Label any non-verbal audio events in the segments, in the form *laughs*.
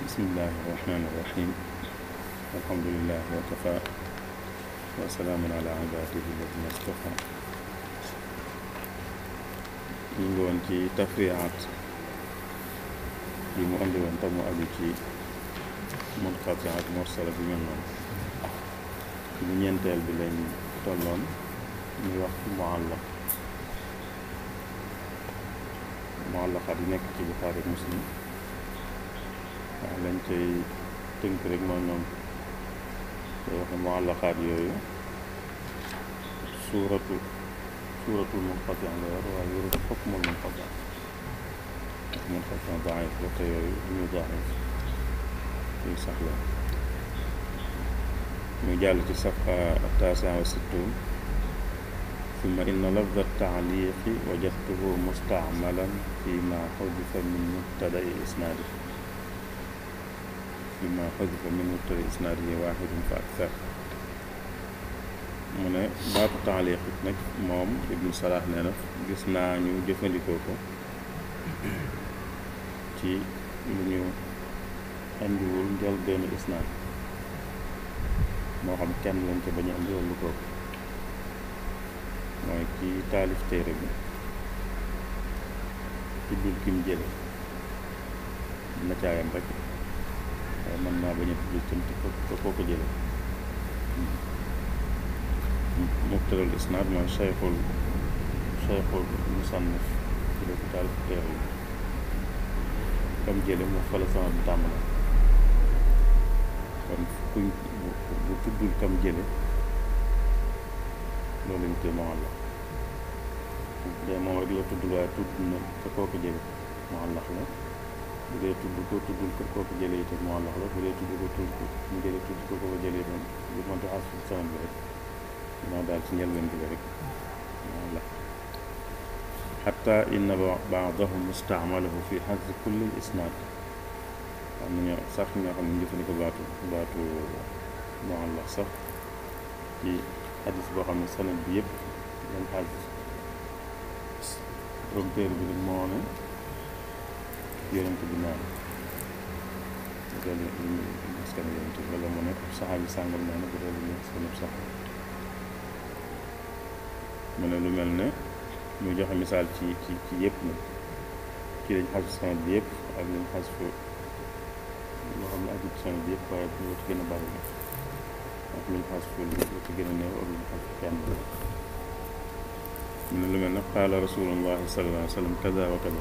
بسم الله الرحمن الرحيم الحمد لله وكفى وسلام على عباده الذين اصطفى نيغون تي تفريعات بما اندي وان تامو ابي من مرسلة بمن نوم كم ينتال بلين تولون ni معلق muallaq بنكتي di مسلم لن تنكرك منهم المعلقات يوي سورة سورة المنقطع غير غير حكم المنقطع المنقطع ضعيف لقي مي ضعيف في سحلة مجالة الصفحة التاسعة والستون ثم إن لفظ التعليق وجدته مستعملا فيما حدث من مبتدأ إسناده bima xasifa min mubtadi isnaadihi waahidun fa akthar mu ne baatu taaliq nag moom ibnu Salah nee na gis naa ñu jëfandikoo ko ci lu ñu indiwul njël benn isnaad moo xam kenn lañ ci bañ a indiwul lu ko mooy ci taalif téere bi tuddul kim jële na caayam waaye naa bañ a tudd tam te koo ko jële mubtalal isnaad mooy cheikhul cheikhul musannif ci la ko taalif teewlu kam jële mu fala sama bi tàmbale kon kuñ bu tuddul kam jële loolu lañ koy moxal la day moom rek la tudd waaye tudd na te koo ko jële moxal la bu dee tudd ko tuddul ko kooku jëlee itam mu àllax la bu dee tudd ko tudd ko mu jëlee tudd ko kooku jëlee itam bu ma taxaw si sama bi rek dinaa daal ci njëlbeen bi rek la xatta inna baadahum mustaamalahu fi xaz kulli isnaad am na ñoo sax ñoo xam ne jëfandikoo baatu baatu mu àllax sax ci xadis boo xam ne sanad bi yëpp yan xadis prompteur bi rek moo ne yonent bi noonu bu dee lu ñu askan yonent bi wala mu nekk saxaabi sàngam noonu bu dee lu ñu askanub saxaabi mu ne lu mel ne ñu joxe misaal ci ci ci yëpp nag ci lañ xas sanat bi yëpp ak lañ xas fa loo xam ne ajib sanat bi yëpp waaye lu ci gën a bari la ak luñ xas fa lu ci gën a néew ak luñ xas fa kenn mu ne lu mel ne qaala rasulullahi sallallahu alayhi wa sallam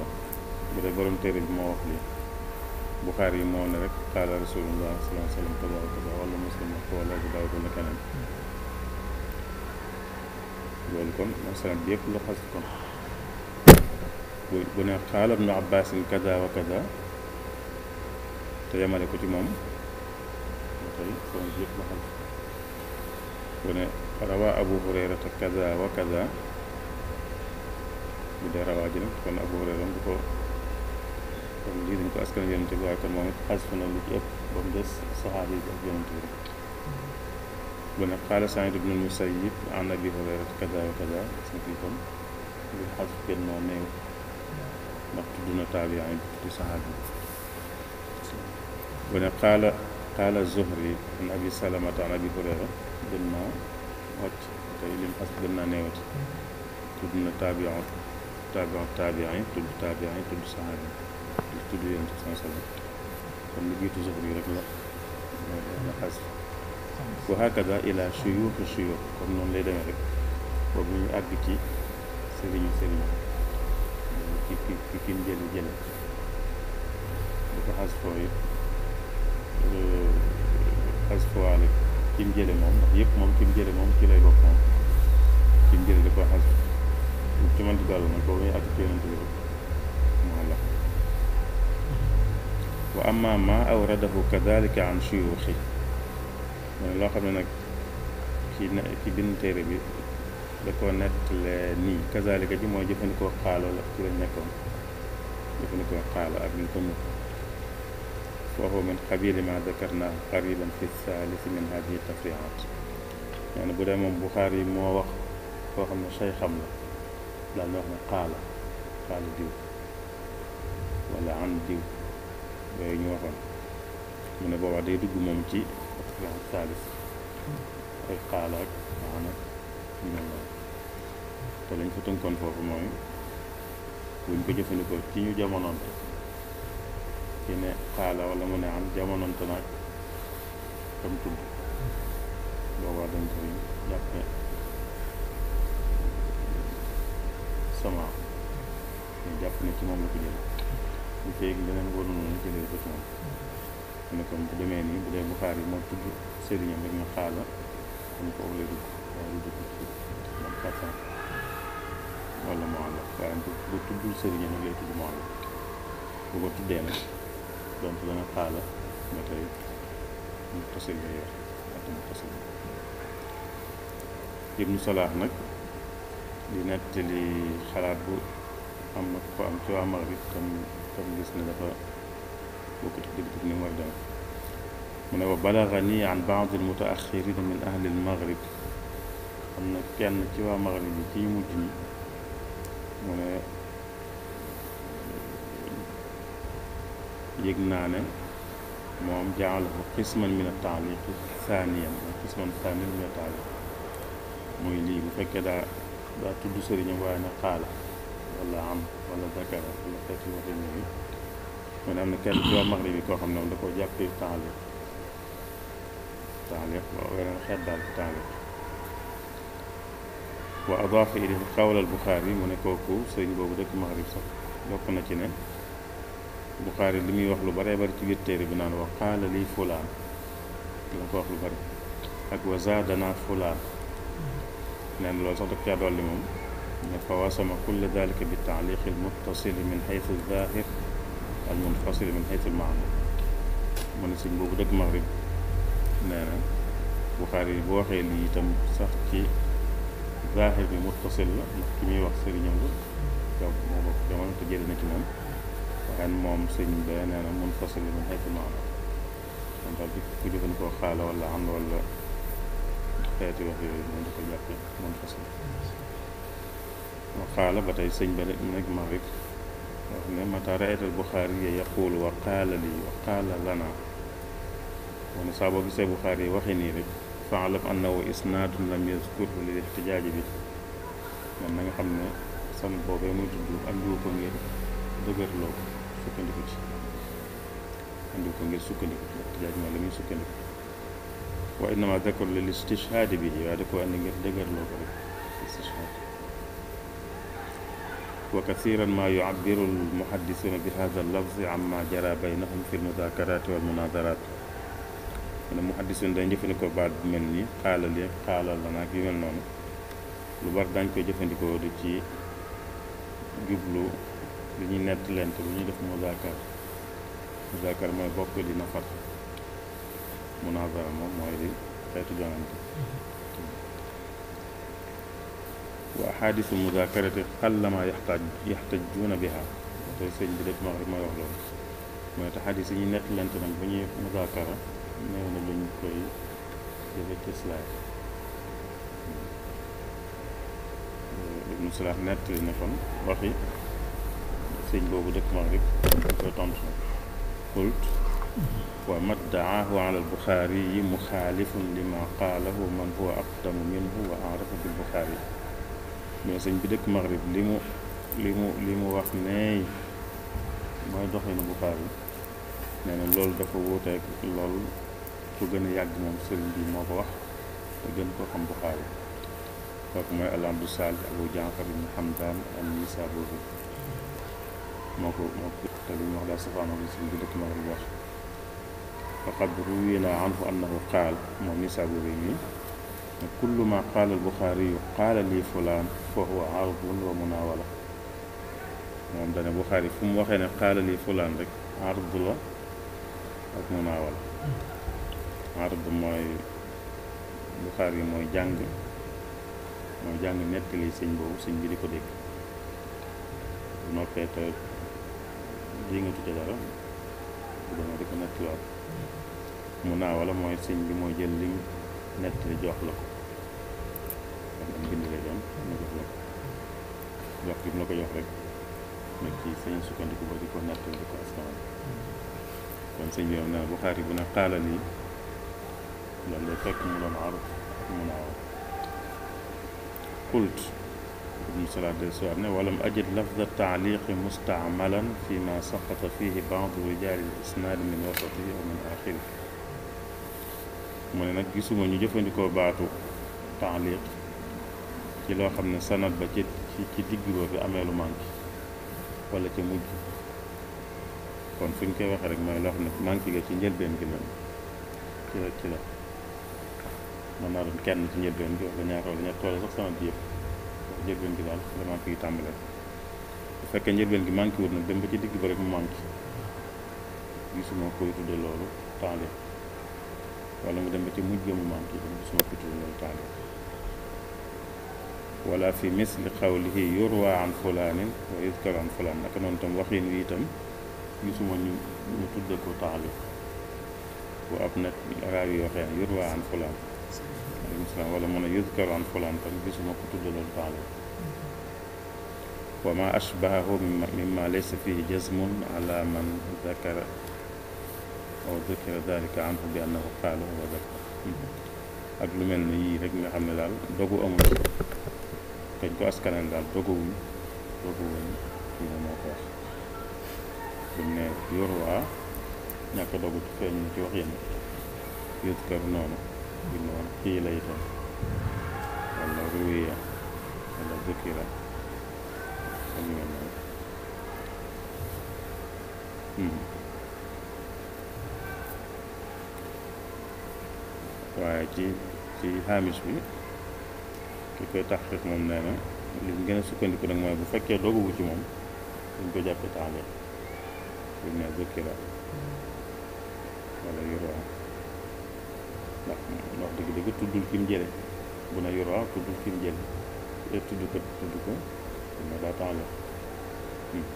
bu dee borom téere bi moo wax lii buxaar yi moo ne rek qaala rasulullah sallallahu alayhi wa sallam kaza wa kaza wala muslim wax ko wala bu daaw wala keneen loolu kon moom sanad bi yëpp la xas kon bu bu ne qaala ibnu abbasin kaza wa kaza te yemale ko ci moom ba tey sanad bi yëpp la xas bu ne rawaa abu hurayrata kaza wa kaza bu dee rawaa ji nag kon abu hurayra du ko from leading to Askarian integral economic has finally up from this Sahabi Askarian integral. بن قال سعيد بن المسيب عن ابي هريره كذا وكذا سمعتم بالحذف كلمه نيو مكتوبنا تابعين في صحابي بن قال قال الزهري عن ابي سلمه عن ابي هريره دنا وات تيلم حذف دنا نيوت تدنا تابعون تابعون تابعين تدنا تابعين تدنا صحابي di tudd yonent rek la la xas wa hakada ila shuyuuxi shuyuux comme noonu lay demee rek boobu ñu àgg ci sëriñu sëriñu ki ki ki kin jëli jële bu xas foo it euh, xas fowaale kim jële moom yëpp moom kim jële moom ci lay bokk moom kim jële da ko xas ci mënti daal nag boobu ñuy àgg ci yonent bi rek mu àllak وأما ما أورده كذلك عن شيوخه يعني لاحظ كي بن تيربي دكو نت ني كذلك دي موي جيفنيكو قالو لا كي نيكو جيفنيكو قالو اك نكو فهو من قبيل ما ذكرنا قريبا في الثالث من هذه التفريعات يعني بودا مو بخاري مو واخ كو خامنا شيخام لا لا نخ قال قال ديو ولا عن ديو yooyu ñu waxoon mu ne boobaa day dugg moom ci laxat saalis xaala ak waxanak ñu mel noonu te lañ ko tënkoon foofu mooy buñ ko jëfandikoo ci ñu jamononte ci ne xaala wala mu ne am jamononte naag tam tudd boobaa dañ koy jàppe sama ñu jàpp ne ci moom la ko jële bu feeg leneen wóor na ñu jëlee ko ci moom mu ne kon bu demee nii bu dee Buxaar yi moo tudd sëriñam rek ñu xaala dañ ko wala dugg waaye du dugg ci moom xasan wala mu àll waaye bu tuddul sëriñam rek lay tudd mu àll bu ko tuddee nag donc dana xaala ba tey mu tasil la yor ak mu tasil ibnu salaax nag di nettali xalaat bu am na ko am ci waa Maghrib tam قبل جسم دقائق وكنت كتبت ابن وعدان من بلغني عن بعض المتأخرين من أهل المغرب أن كان كوا مغربي كي مجني من يجنان مهم جعله قسما من التعليق ثانيا قسما ثانيا من التعليق مهلي لي لا تدسرين وانا قال والله sëriñam wala zakara wala xeeti waxin yooyu mu ne am na kenn ci waa maxrib yi koo xam ne da koo jàppee taaliq taaliq waaw weneen xeet daal ci taaliq wa adaafa ilayhi qawla al-Buxaari mu ne kooku sëriñ boobu dëkk maxrib sax yokk na ci ne Buxaari li muy wax lu baree bari ci biir téere bi naan wa qaala lii fulaan la ko wax lu bari ak wa zaadana fulaan nee na loolu sax daf caa dolli moom نتواصم كل ذلك بالتعليق المتصل من حيث الظاهر المنفصل من حيث المعنى من بوب دك مغرب نانا بخاري بوخي لي تام صح كي ظاهر بي متصل لا كي مي واخ سيري نيام دو موم دو مام تجيل نتي موم وان موم سيرن با نانا منفصل من حيث المعنى كان دا بي كو ديفن كو خالا ولا عند ولا خيتي واخ يوي من دو كو جاكي منفصل وقال بتاي سيغ بالي نيك مريك وخني متى رايت البخاري يقول وقال لي وقال لنا وني صابو سي البخاري وخيني ريك فعلم انه اسناد لم يذكر للاحتجاج به من نغا خامني سان بوبي مو تدو ام جو كو نغي دغر لو سكندي كوتي ام جو كو نغي سكندي كوتي احتجاج ما لم يسكندي وانما ذكر للاستشهاد به وهذا كو ان نغي دغر لو wa kasiran ma yu'abbiru al-muhaddisuna bi hadha al-lafzi amma jara baynahum fi al-mudhakarati wal munadarat mu ne muhaddisuna dañ jëfandikoo baat bu mel ni xaalal yi xaalal la nag yu mel noonu lu bari dañ koy jëfandikoo di ci jublu lu ñuy nett lent lu ñuy def mudhakar mudhakar mooy bokk dina fat munadara moom mooy di xeetu jongante وأحاديث المذاكرة قل ما يحتجون بها تي سيني دي ديت ما يوخ لول ما تحديث ني نيت لانت نام مذاكرة نيو نا لي نكوي دي تي سلاي ابن سلاح نيت نفون واخي سيني بوبو ديك مغرب قلت وما قلت على البخاري مخالف لما قاله من هو أقدم منه وأعرف بالبخاري mais sëñ bi dëkk Maghrib li mu li mu li mu wax ne mooy doxinu Buxaari nee na loolu dafa wuuteeg loolu ku gën a yàgg moom sëriñ bi moo ko wax te gën koo xam Buxaari kooku mooy alamdu saali abu jaafar ibn hamdan an nisaburi moo ko moo ko te li mu wax daal safaano li sëñ bi dëkk Maghrib wax faqad ruwina anhu annahu qaal moom nisaburi nii كل ما قال البخاري قال لي فلان فهو عرض ومناولة موم نعم، داني بخاري فم وخيني قال لي فلان لك عرض و مناولة عرض موي بخاري موي جانج موي جانج نت لي سيني بو سيني ديكو ديك نوكي تا دينغو تي دارا بو ديكو نت لو مناولة موي سيني بي موي جيل لي نت لي جوخ bind lay doon ma jox la jox gi mu la ko jox rek nag ci sañu sukkandiku ba di ko nattal di ko askanal kon sëñ bi am na Buxaari bu ne xaala nii loolu lay fekk mu doon aruf mun a aw قلت ابن صلاح السؤال ولم أجد لفظ التعليق مستعملا فيما سقط فيه بعض رجال الإسناد من وسطه ومن آخره من نجس من يجفن كوباتو تعليق ci lo xamne sanad ba ci ci digg boobu amee lu manki wala ci mujj kon fuñ koy wax rek moy lo xamne manki ga ci ben gi la ci la ci la manal kenn ci ben gi wala ñaar wala ñett wala sax sanad bi yëpp ben gi dal dama fi gi tàmbalee bu fekkee ben gi manki wut nag dem ba ci digg ba rek mu manqué gisuma koy tudde lolu taalee wala mu dem ba ci mujj ba mu manqué gisuma koy tudde lolu taalee ولا في مثل قوله يروى عن فلان ويذكر عن فلان لكن انتم واخين ويتم يسمى نتدك تعليق وابنة الراوي وخين يروى عن فلان ولا من يذكر عن فلان يسمى كتدك تعليق وما أشبهه مما ليس فيه جزم على من ذكر أو ذكر ذلك عنه بأنه قال هو ذكر أقل من يهجم حمدال دقو أمو kañ ko askanal daal doguwuñ doguwuñ kii moom moo ko bu ne yor ñàkk dogut feeñ ci wax yenn yóot kër noonu bi noonu kii la itam wala ruwiya wala zikira ñu mel noonu waaye ci ci xaamis bi ki koy taxqiq moom nee na li ñu gën a sukkandiku nag mooy bu fekkee dogugu ci moom dañ ko jàppe taxliq bu ne zëkkira wala yuraa ndax wax dëgg dëgg tuddul ki mu jële bu ne yuraa tuddul ki mu jële tudd ko tudd ko bu ne daa taxliq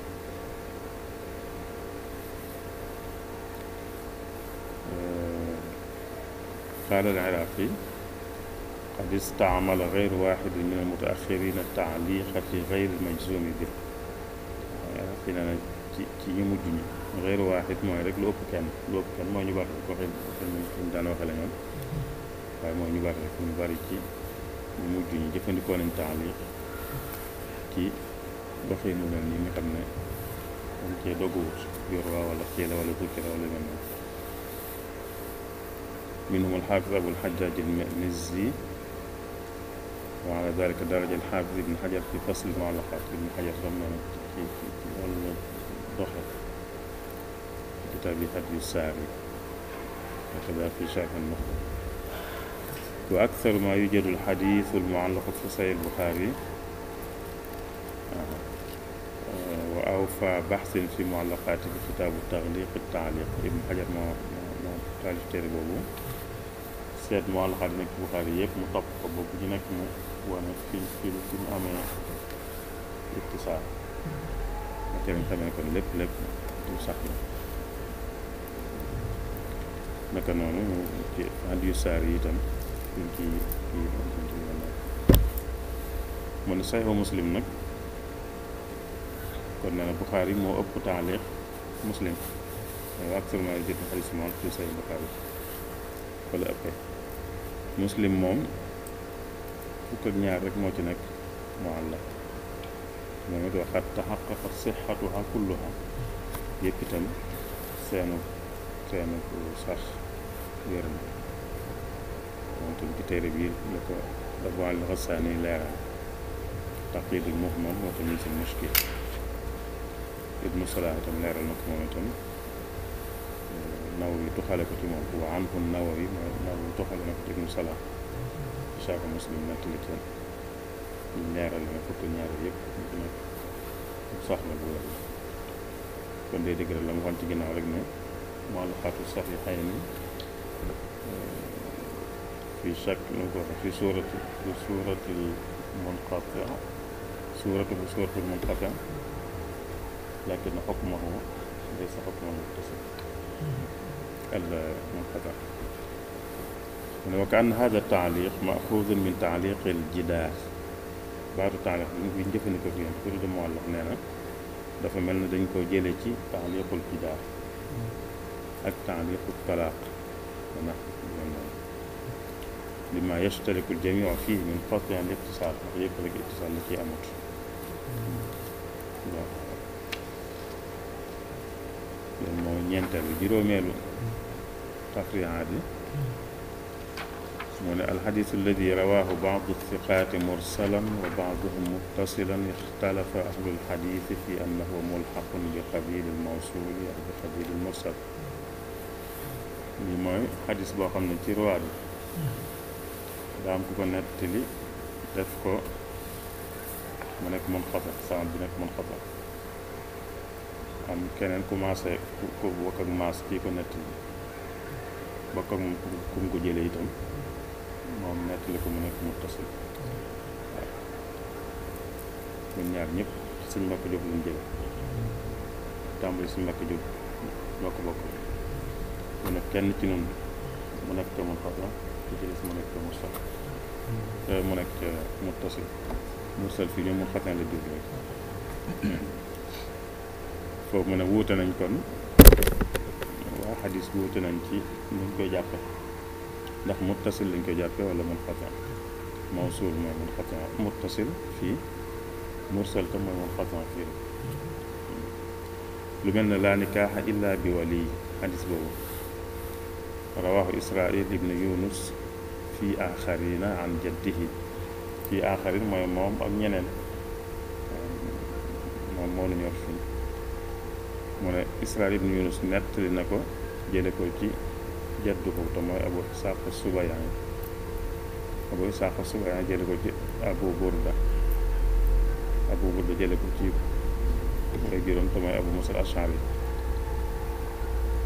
قال العراقي قد استعمل غير واحد من المتأخرين التعليق في غير المجزوم به آه، فينا تي مجني غير واحد ما يرك لوب كان لوب كان ما يبغى كوفي كوفي من كم دانو خلينا ما يبغى كوفي من باريكي مجني جفن يكون التعليق كي بخير من اللي مكمل أنت يا دعوت يروى ولا كيلا ولا بكرة ولا منهم الحافظ أبو الحجاج المزي وعلى ذلك درج الحافظ ابن حجر في فصل المعلقات ابن حجر رمضان الضحى في كتاب هدي الساري وكذا في شعب النخبة وأكثر ما يوجد الحديث المعلق في صحيح البخاري آه. آه. وأوفى بحث في معلقاته في كتاب التغليق التعليق ابن حجر ما ما téere boobu seet mu àllaxaat nekk Buxaari yëpp mu topp wane fi fi fi mu amee ittisaal nga tamit xamee kon lépp lépp lu sax la naka noonu ci adiyu saar yi itam duñ ci mu ne saxiixu muslim nag kon nee na Buxaari moo ëpp taaliq muslim waaye actuellement jënd xaalis moom ci saxiix Buxaari wala ëppee muslim moom fukk ak ñaar rek moo ci nekk muallaq moom it waxaat taxaqaqat sixatuha kulluha yëpp itam seenu seenu sax wér na moom itam ci téere bi la ko Abu Ali Ghassaani leeral taqidul muhmam moo tamit si mushkil ibnu Salah itam leeral na ko moom itam Nawawi tuxale ko ci moom wa anhu Nawawi mooy Nawawi tuxale na ko ci ibnu Salah saaga muslim na tulit woon ñu leeral ne fukki ñaari yëpp ñu ci nekk soxla bu wér kon day dëgëral la mu waxoon ci ginnaaw rek ne muallaqaatu saxiixayni fi chaque nu ko waxee fi suurati bu suuratil munqatia suuratu bu suuratil munqatia laakin xukmuhu laysa xukman muttasil al munqatia يعني وكان هذا التعليق ماخوذ من تعليق الجداس بعض التعليق بين جفن كفين يعني كل دم على نينا دفع ملنا دين كو جيلتي تعليق الجداس التعليق الطلاق نعم. لما يشترك الجميع فيه من قطع يعني الاتصال طريق الاتصال التي امر مو ñeentel juróomeelu taqriyaat yi الحديث الذي رواه بعض الثقات مرسلا وبعضهم متصلا اختلف أهل الحديث في أنه ملحق بقبيل الموصول أو بقبيل المرسل لما حديث بقى من تيروادي دام كون نتلي دفكو منك منقطع سام بنك منقطع أم كنن كماسة كوكو وكماس كيف نتلي بقى كم كم كجليتهم moom nettali ko mu nekk muttasil mm. waaw ñun ñaar ñëpp suñ mbokk jóg luñ jële mm. suñ mbokk jóg bokk bokk mu nekk kenn ci noonu mu nekk te mu xotla ci ci des mu nekk te mu sot mu nekk muttasil euh, mu fii ñoom mu xatna la dugg rek *coughs* foofu mu ne wuute nañ kon waa xadis wuute nañ ci nuñ koy jàppe ndax متصل لين كي جابي ولا منقطع موصول ما منقطع متصل في مرسل تم منقطع في لمن لا نكاح الا بولي حديث بو رواه اسرائيل ابن يونس في اخرين عن جده في اخرين موي موم اك نينن موم مو نيو في مون اسرائيل ابن يونس نتلي نكو جيلي كو تي jadduhu te mooy abu isaaqu subayaan abu isaaqu subayaan jële ko ci abu burda abu burda jële ko ci ay juróom te mooy abu musa ashari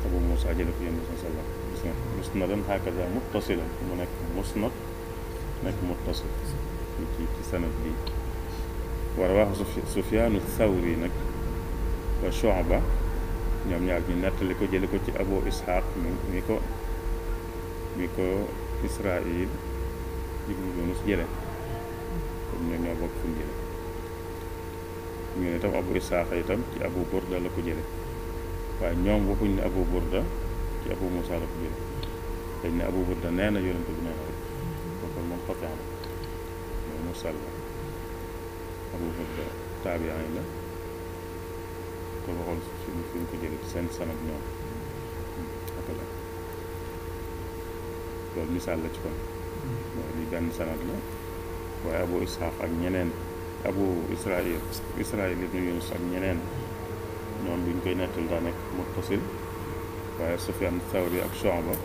abu musa jële ko yonent bi sallam gis nga musnadan hakaza muttasilan mu nekk musnad nekk muttasil ci ci sanad bi war a wax sufyaanu thawri nag wa shu'ba ñoom ñaar ñu nettali ko jële ko ci abu ishaq mi ko bi ko Israil Jibril Yunus jële kon jële ñu ne tam abu isaaxa itam ci abu burda la ko jële waaye ñoom waxuñ ne abu burda ci abu musa abu burda nee na yonent bi nee na rek kon moom abu burda taabiyaan yi la te waxoon suñ ko jële seen sanab ñoom لول مثال لا تي كون لي بن سند لا واي ابو اسحاق اك نينن ابو اسرائيل اسرائيل بن يونس اك نينن نون بن كاي نات دا نيك متصل واي سفيان الثوري اك شعبه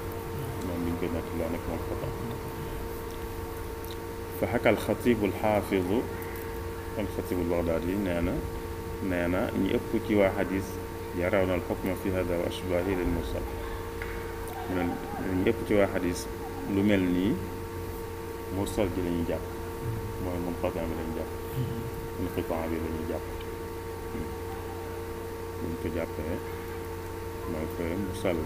نون بن كاي نات دا نيك مرتبط فحكى الخطيب الحافظ الخطيب البغدادي نانا نانا ني اوب تي حديث يرون الحكم في هذا واشباهه للمصطلح من يكتب حديث lu mel nii mu ji la ñuy jàpp mooy mun xataan bi mm-hmm. mm-hmm. la ñuy jàpp mun la ñuy jàpp buñ bi suñ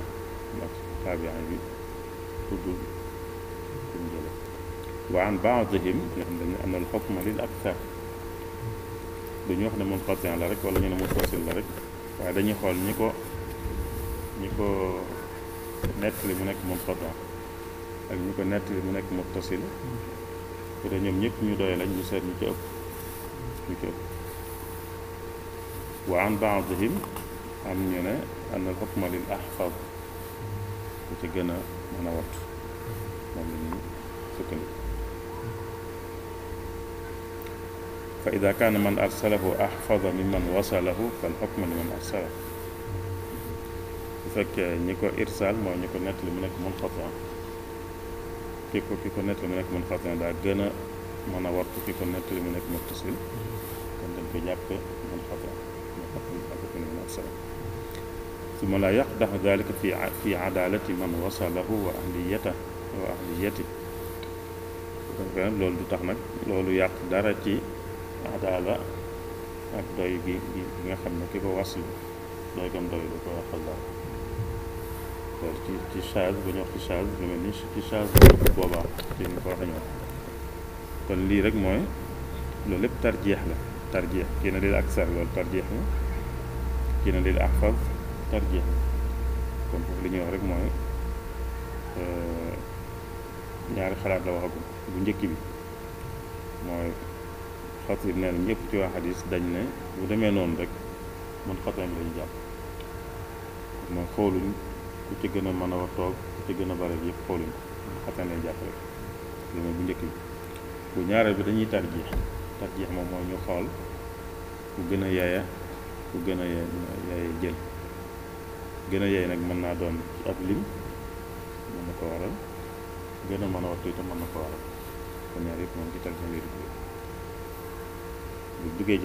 jële wa an baadihim nga xam dañ am na lu xokma lil aktar dañu wax ne mun xataan la rek wala ñu ne mu sosil la rek waaye dañuy xool ñi ko ñi ko nettali mu nekk mun xataan ak ñu ko nettali mu nekk muttasil bu dee ñoom ñëpp ñu doy lañ ñu seet ñu ci ëpp ñu ci ëpp wa an baadihim am ñu ne an al xukma lil ahfad ku ci gën a mën a wat moom la ñuy sukkandiku fa ida kaana man arsalahu ahfada min man wasalahu fal xukma li man arsalahu bu fekkee ñi ko irsaal mooy ñi ko nettali mu nekk munqati كيكو كيكو نت منك من خاطر دا غنا مانا وارت كيكو نت منك متصل كان دا في جاب من خاطر ما كان دا كان من اصلا ثم لا يقدح ذلك في في عداله من وصله واهليته واهليته كان لول دو تخ نك لولو ياق دارا تي عداله ak doy gi gi nga xamne kiko wasl doy gam doy ko waxal la ti charge bu ñuy wax ci charge lu mel ni ci charge boobaa ci ñu ko waxee ñoom kon lii rek mooy loolu lépp tarjeex la tarjeex kii na lil aksar loolu tarjeex la kii na lil ahfaz tarjeex kon foofu li ñuy wax rek mooy ñaari xalaat la waxagum bu njëkk bi mooy xatib nee na ñëpp ci waa xadis dañ ne bu demee noonu rek man xatam la ñu jàpp mooy xooluñ ku ci gën a mën a toog ku ci gën a bare yëpp xooluñ ko xataan jàpp rek li bu njëkk bi bu ñaareel bi dañuy tarjeex tarjeex moom mooy ñu xool ku gën a yaaya ku gën a yaaya jël gën a yaay nag mën naa doon ci ab lim mën na ko waral gën a mën a wattu itam mën na ko waral kon ñaar yëpp moom ci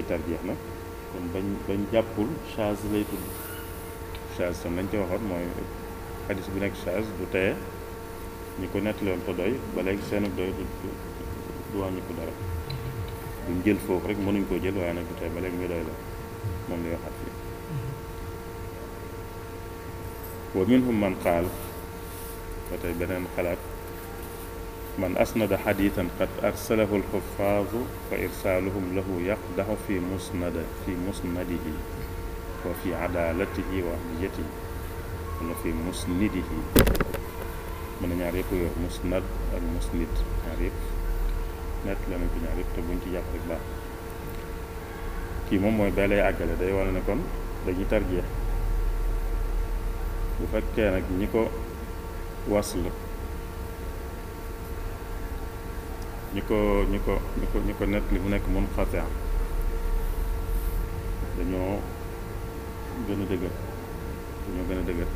tarjeex nag kon bañ bañ jàppul charge lay tudd charge tam lañ ca waxoon mooy xadis bu nekk chaaz du teye ñi ko nettaloon ko doy ba léegi seenu doy du du wàññi ko dara duñ jël foofu rek mënuñ koo jël waaye nag du teye ba léegi ñu doy la moom lay waxaat fii wa minhum man qaal ba tey beneen xalaat man asnada xadiitan qad arsalahu alxufaazu fa irsaaluhum lahu yaqdaxu fi musnada fi musnadihi wa fi adaalatihi wa ahdiyatihi na fi musnidihi mu ne ñaar yëpp musnad ak musnid ñaar yëpp nett la nañ ko ñaar yëpp te buñ ci jàpp rek baax kii moom mooy bee lay àggale day wane ne kon dañuy tarjee bu fekkee nag ñi ko wasl ñi ko ñi ko ñi ko ñi ko nett li mu nekk mun xatea dañoo gën a dëgër dañoo gën a dëgër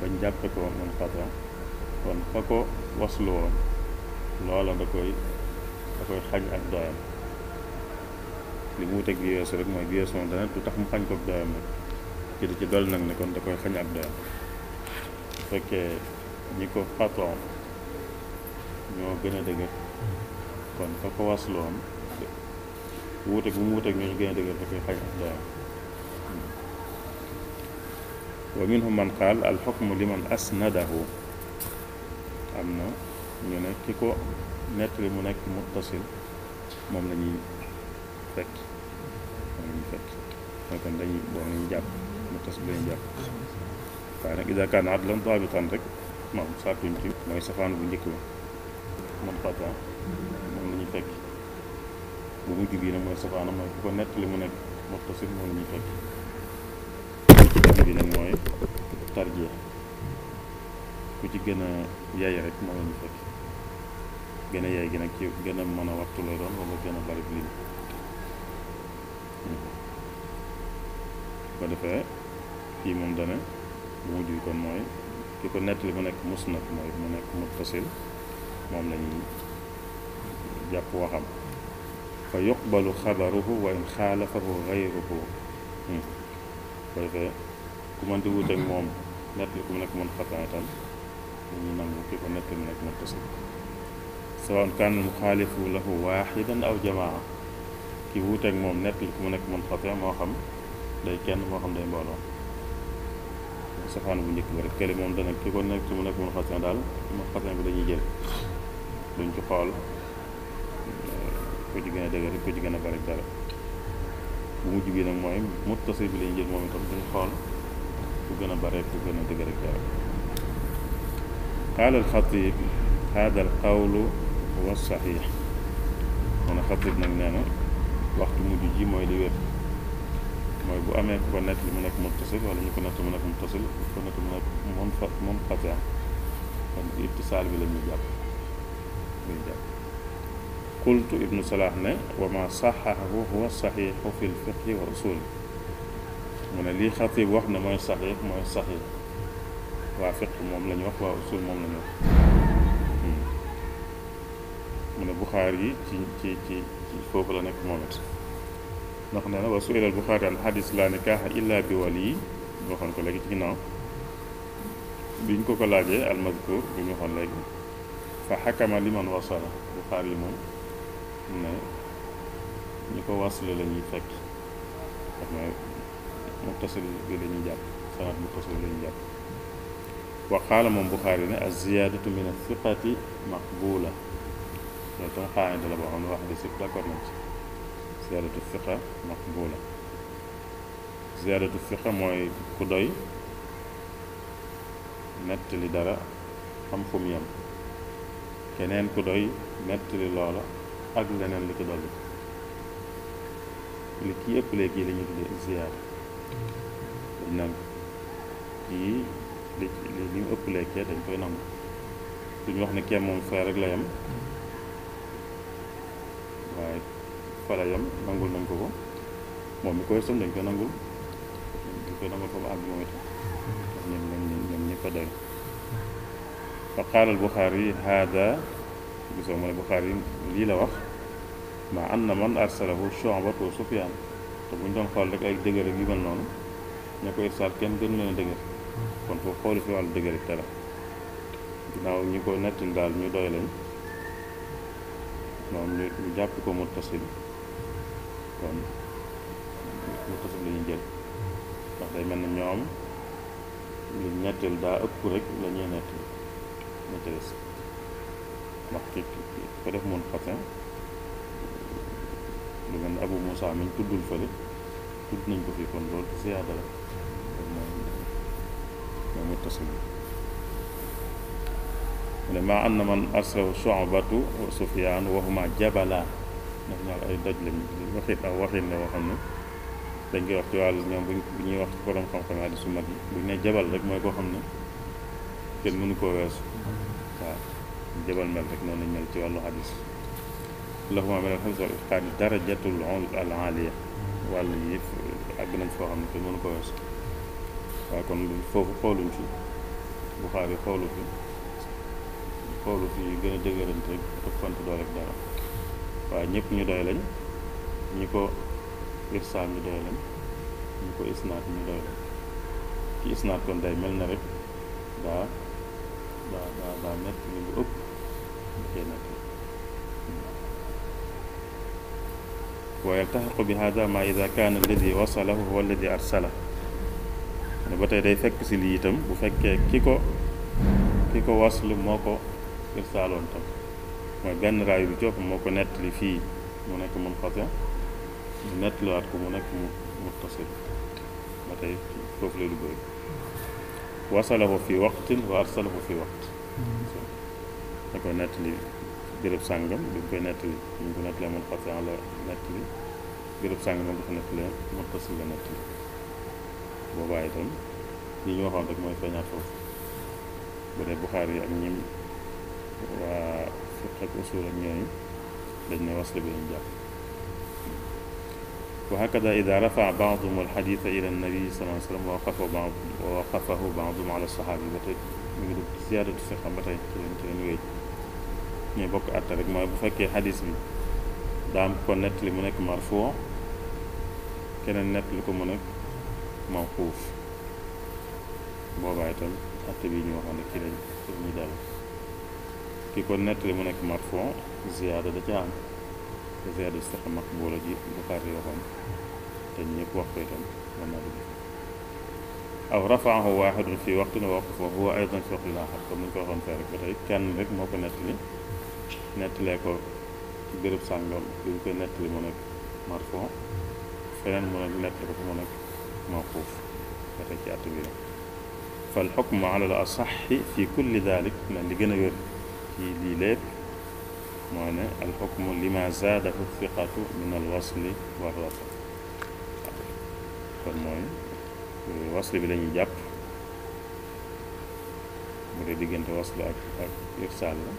bañ jàppe ko mun xata kon fa ko waslu woon loola da koy da xañ ak doyam li mu wuteeg bi rek mooy bi weesu moom dana du tax mu xañ ko ak doyam nag ci di ci dol nag ne kon da koy xañ ak doyam bu fekkee ñi ko xatoon ñoo gën a dëgër kon fa ko waslu woon wuute bu mu wuteeg ñoo ñu gën a dëgër da koy xañ ak doyam ومنهم من قال الحكم لمن أسنده أمنا ينككو نتل منك متصل مملني فك مملني فك لكن دني بوني جاب متصل بين جاب فأنا إذا كان عدلا ضابطا رك ما مسافين كي ما يسافان بنيكو من قطع مملني فك بوجي بينا ما يسافان ما يكون نتل منك متصل مملني فك bi nag mooy tarjih ku ci gën a yaay rek moo leen di fekk gën a yaay gi nag ci gën a mën a wattu lay doon wala gën a bari lim ko defee kii moom dana bu mujj bi kon mooy ki ko nettali mu nekk musnad mooy mu nekk muttasil moom lañuy jàpp waxam fa yuqbalu xabaruhu wa in xaalafahu gayruhu ko defee ku mënti wuuteeg moom nettali ku mu nekk mën xataa itam dañuy nangu ki mu nekk mën tasib sawan kan muxaalifu lahu waaxidan aw jamaa ki wuuteeg moom nettali ku mu nekk mën xataa moo xam day kenn moo xam day mbooloo safaan bu njëkk ba rek kële moom dana ki ko nekk mu nekk mën xataa daal mën xataa bi dañuy jël duñ ci xool ku ci gën a dëgër ku ci gën a bari dara bu mujj bi nag mooy muttasil bi lañu jël moom itam duñ xool ku gën a bare ku gën a dëgër ak dara qaala alxatib hada alqawlu huwa saxiix mu ne xatib nag nee na waxtu mujj ji mooy li wér mooy bu amee ku ko nett li mu nekk muttasil wala ñu ko nett mu nekk muttasil ku ko nett mu nekk mun fa mun xataa kon ittisaal bi la ñuy jàpp ñuy jàpp qultu ibnu salaah ne wa ma saxaxahu huwa saxiixu fi lfiqi wa rasuli من لي خطي وحنا ما صحيح ما صحيح وافق موم لا نيوخ وا اصول موم لا نيوخ من البخاري تي تي تي تي فوق لا نيك مومت نخنا نا وسئل البخاري عن حديث لا نكاح الا بولي وخون كو لغي تي نو بين كو كو المذكور بي نخون لغي فحكم لمن وصل البخاري موم ني نيكو واصل لا ني فك متصل بلين جاب سند متصل بلين جاب وقال من بخاري الزيادة من الثقة مقبولة لكن قاعدة لبعون واحد سكة كرمت زيادة الثقة مقبولة زيادة الثقة موي كدوي نت لدارة خم خميام كنين كدوي نت للولا أقل لنين لكدولي لكي أقل لكي لنين زيادة dañ nangu kii li li mu ëppalee kee dañ koy nangu duñu wax ni kee moom fee rek la yem waaye fa la nangul nañ ko ko moom mi koy sëm dañ koy nangul dañ koy nangul fa mu àgg moom itam ndax ñoom ñoom ñoom ñëpp a doy fa qaala al-Buxaari haada gisoo mu ne Buxaari lii la wax ma anna man arsalahu Shu'batu Sufyaan te ñu doon xool rek ay dëgër ak yu mel noonu ña ko irsaal kenn gën leen a dëgër kon foofu xooli fi wàllu dëgër ak tere ginnaaw ñu ko nettil daal ñu doy leen noonu ñu ñu jàpp ko mu muttasil kon mu muttasil la ñuy jël ndax day mel ne ñoom li nettil daa ëpp rek la ñuy nettil nettil ndax ki ko def mun xasin لمن أبو موسى من تدل الفري تدل نجو في كنترول زيادة ما متصل لما أن من أرسل شعبة وسفيان وهما جبلا نحن على أي دجل وخير أو وخير نو وخير نو دنجي وقت وعلى نيوم بني وقت فرم خم خم هذا سمعت بني جبل لك ما يكون خمنا كن منكو ويسو جبل ملك نوني ملتي والله حديث اللهم من الحمص والإفقاد يعني درجة العنق العالية واللي أبنا فهم في منقوص فكن فوق قولوا شيء بخاري قولوا في قولوا في جنة جنة تكفن تدارك دارا فنيب نيدايلن نيكو إرسال نيدايلن نيكو إسناد نيدايلن كي إسناد كون داي ملنا رك دا دا دا دا نت نيبو أوب نيكو ويلتحق بهذا ما إذا كان الذي وصله هو الذي أرسله نبتدى فك سليتم وفك كيكو كيكو وصل موكو إرسالون تم ما بين رأي بجوف موكو نت لفي منك من قطع نت لأتكو منك متصل نبتدى فوف للبوي وصله في وقت وأرسله في وقت نبتدى نت لفي béréb sàngam bi ñu koy nettali bi ñu ko nettalee mun xasan la nettali béréb sàngam moom dafa nettalee mun tasil la nettali boobaa itam lii ñu waxoon rek mooy feeñaat foofu bu dee Buxaari yi ak ñim waa fiq ak usul ak ñooñu dañ ne wasla bi lañ jàpp وهكذا إذا رفع بعضهم الحديث إلى النبي صلى الله عليه وسلم ووقفه بعض ووقفه بعضهم على الصحابة زيادة الثقة متى ñooy bokk atta rek mooy bu fekkee hadith bi daa am ko li mu nekk marfuu keneen nettali ko mu nekk mawquuf boobaa itam atta bi ñu waxoon ne ci lañ pour ñu dal ki ko li mu nekk marfuu ziyaada da ca am te ziyaada si sax maqbuula ji bu Buxaari waxoon te ñëpp wax ko itam mën naa dugg aw rafaahu waaxidun fi waqtin wa waqafa huwa aydan fi waqtin aaxar comme ni ñu ko waxoon fee rek ba tey kenn rek moo ko nettali nettalee ko ci béréb sàngam bi ñu koy nettali mu nekk marfon feneen mu nekk nettali ko mu nekk mawquuf ba tey ci àtt bi la fal xukmu ala al asaxi fi kulli dalik ndax li gën a wér ci lii lépp moo ne al xukmu lima zaadahu thiqatu min al wasli war rafa kon mooy wasli bi la ñuy jàpp bu dee diggante wasli ak ak irsaal la